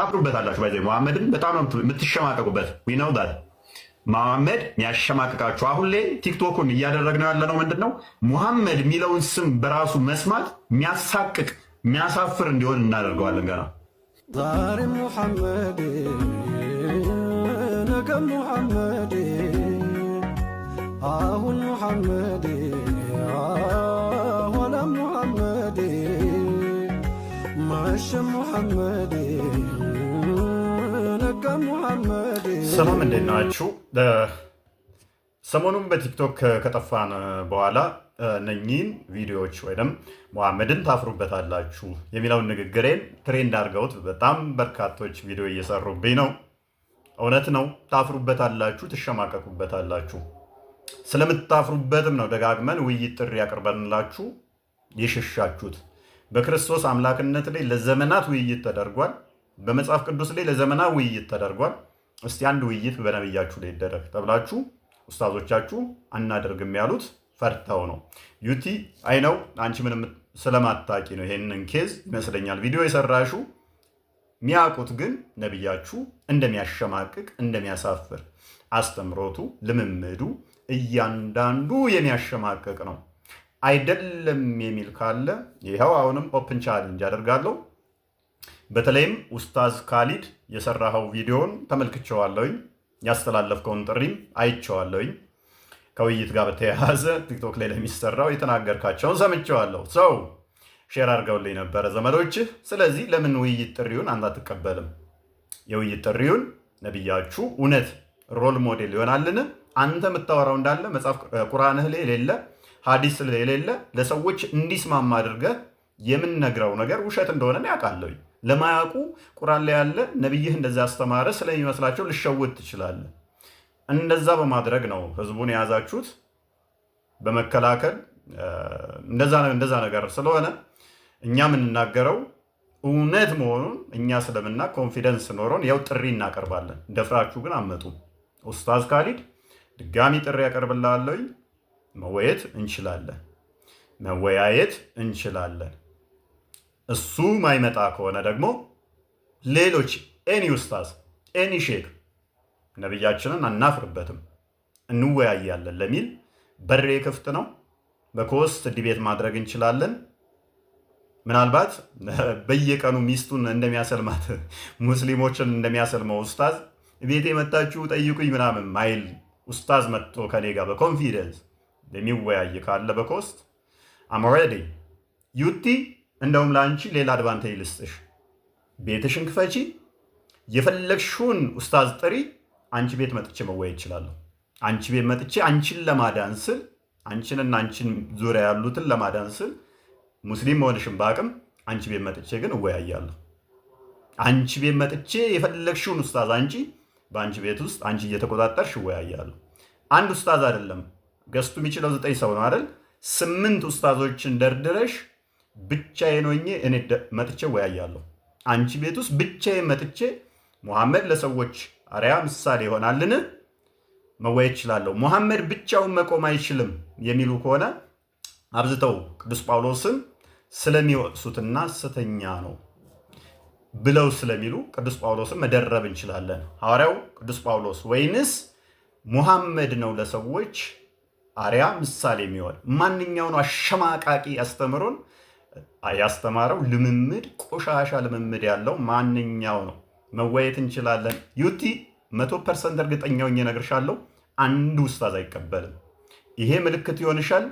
ታፍሩበታላችሁ። ባይዘ መሐመድን በጣም ነው የምትሸማቀቁበት። ነው መሐመድ የሚያሸማቅቃችሁ አሁን ላይ ቲክቶኩን እያደረግነው ያለ ነው ምንድን ነው ሙሐመድ የሚለውን ስም በራሱ መስማት የሚያሳቅቅ የሚያሳፍር እንዲሆን እናደርገዋለን። ገና ዛሬ ሙሐመድ ነገ ሙሐመድ አሁን ሙሐመድ ሰላም እንዴት ናችሁ? ሰሞኑን በቲክቶክ ከጠፋን በኋላ እነኚህን ቪዲዮዎች ወይም መሐመድን ታፍሩበታላችሁ የሚለውን ንግግሬን ትሬንድ አድርገውት በጣም በርካቶች ቪዲዮ እየሰሩብኝ ነው። እውነት ነው፣ ታፍሩበታላችሁ፣ ትሸማቀቁበታላችሁ። ስለምታፍሩበትም ነው ደጋግመን ውይይት ጥሪ ያቅርበንላችሁ የሸሻችሁት በክርስቶስ አምላክነት ላይ ለዘመናት ውይይት ተደርጓል። በመጽሐፍ ቅዱስ ላይ ለዘመናት ውይይት ተደርጓል። እስቲ አንድ ውይይት በነብያችሁ ላይ ይደረግ ተብላችሁ ኡስታዞቻችሁ አናደርግም ያሉት ፈርተው ነው። ዩቲ አይ ነው አንቺ ምንም ስለማታቂ ነው ይሄንን ኬዝ ይመስለኛል ቪዲዮ የሰራሹ ሚያውቁት ግን ነቢያችሁ እንደሚያሸማቅቅ እንደሚያሳፍር አስተምሮቱ ልምምዱ እያንዳንዱ የሚያሸማቅቅ ነው። አይደለም የሚል ካለ ይኸው አሁንም ኦፕን ቻሌንጅ አደርጋለሁ። በተለይም ኡስታዝ ካሊድ የሰራኸው ቪዲዮን ተመልክቼዋለሁኝ፣ ያስተላለፍከውን ጥሪም አይቼዋለሁኝ። ከውይይት ጋር በተያያዘ ቲክቶክ ላይ ለሚሰራው የተናገርካቸውን ሰምቼዋለሁ። ሰው ሼር አድርገውልኝ ነበረ ዘመዶችህ። ስለዚህ ለምን ውይይት ጥሪውን አንተ አትቀበልም? የውይይት ጥሪውን ነቢያችሁ እውነት ሮል ሞዴል ይሆናልን? አንተ የምታወራው እንዳለ መጽሐፍ ቁርአንህ ላይ የሌለ ሀዲስ የሌለ ለሰዎች እንዲስማማ አድርገህ የምንነግረው ነገር ውሸት እንደሆነ ያውቃለሁ። ለማያውቁ ቁራን ላይ ያለ ነቢይህ እንደዛ አስተማረ ስለሚመስላቸው ልሸውት ትችላለህ። እንደዛ በማድረግ ነው ህዝቡን የያዛችሁት በመከላከል እንደዛ ነገር ስለሆነ እኛ የምንናገረው እውነት መሆኑን እኛ ስለምና ኮንፊደንስ ኖሮን ያው ጥሪ እናቀርባለን። ደፍራችሁ ግን አመጡ ኡስታዝ ካሊድ ድጋሚ ጥሪ ያቀርብላለኝ። መወየት እንችላለን መወያየት እንችላለን። እሱ ማይመጣ ከሆነ ደግሞ ሌሎች ኤኒ ውስታዝ ኤኒ ሼክ ነቢያችንን አናፍርበትም፣ እንወያያለን ለሚል በሬ ክፍት ነው። በኮስት ዲቤት ማድረግ እንችላለን። ምናልባት በየቀኑ ሚስቱን እንደሚያሰልማት ሙስሊሞችን እንደሚያሰልመው ውስታዝ ቤቴ መታችሁ ጠይቁኝ ምናምን ማይል ውስታዝ መጥቶ ከኔ ጋር በኮንፊደንስ የሚወያይ ካለ በኮስት አም ሬዲ ዩቲ እንደውም ለአንቺ ሌላ አድቫንቴጅ ልስጥሽ። ቤትሽን ክፈቺ፣ የፈለግሽውን ኡስታዝ ጥሪ፣ አንቺ ቤት መጥቼ መወያየት እችላለሁ። አንቺ ቤት መጥቼ አንቺን ለማዳን ስል አንቺንና አንቺን ዙሪያ ያሉትን ለማዳን ስል ሙስሊም መሆንሽን በአቅም አንቺ ቤት መጥቼ ግን እወያያለሁ። አንቺ ቤት መጥቼ የፈለግሽውን ኡስታዝ አንቺ በአንቺ ቤት ውስጥ አንቺ እየተቆጣጠርሽ እወያያለሁ። አንድ ኡስታዝ አይደለም ገስቱ የሚችለው ዘጠኝ ሰው ነው አይደል? ስምንት ውስታዞችን ደርድረሽ ብቻዬን ሆኜ እኔ መጥቼ ወያያለሁ። አንቺ ቤት ውስጥ ብቻዬን መጥቼ ሙሐመድ ለሰዎች አርያ ምሳሌ ይሆናልን መወየት ይችላለሁ። ሙሐመድ ብቻውን መቆም አይችልም የሚሉ ከሆነ አብዝተው ቅዱስ ጳውሎስን ስለሚወቅሱትና ሐሰተኛ ነው ብለው ስለሚሉ ቅዱስ ጳውሎስን መደረብ እንችላለን። ሐዋርያው ቅዱስ ጳውሎስ ወይንስ ሙሐመድ ነው ለሰዎች አርያ ምሳሌ የሚሆን ማንኛውን አሸማቃቂ ያስተምሩን ያስተማረው ልምምድ ቆሻሻ ልምምድ ያለው ማንኛው ነው መወየት እንችላለን። ዩቲ መቶ ፐርሰንት እርግጠኛው እነግርሻለሁ፣ አንዱ ውስታዝ አይቀበልም። ይሄ ምልክት ይሆንሻል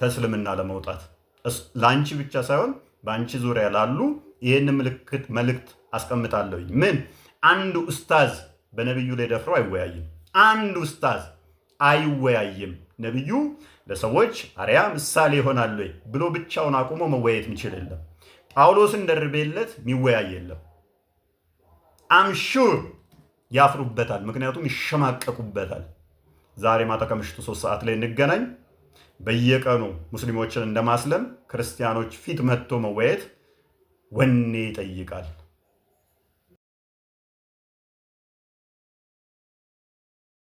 ተስልምና ለመውጣት ለአንቺ ብቻ ሳይሆን በአንቺ ዙሪያ ላሉ ይህን ምልክት መልእክት አስቀምጣለሁኝ። ምን አንድ ኡስታዝ በነቢዩ ላይ ደፍሮ አይወያይም። አንድ ኡስታዝ አይወያይም። ነቢዩ ለሰዎች አርያ ምሳሌ ይሆናል ወይ ብሎ ብቻውን አቁሞ መወያየት የሚችል የለም። ጳውሎስን ደርቤለት የሚወያይ የለም። አምሹር ያፍሩበታል፣ ምክንያቱም ይሸማቀቁበታል። ዛሬ ማታ ከምሽቱ ሶስት ሰዓት ላይ እንገናኝ። በየቀኑ ሙስሊሞችን እንደማስለም ክርስቲያኖች ፊት መጥቶ መወያየት ወኔ ይጠይቃል።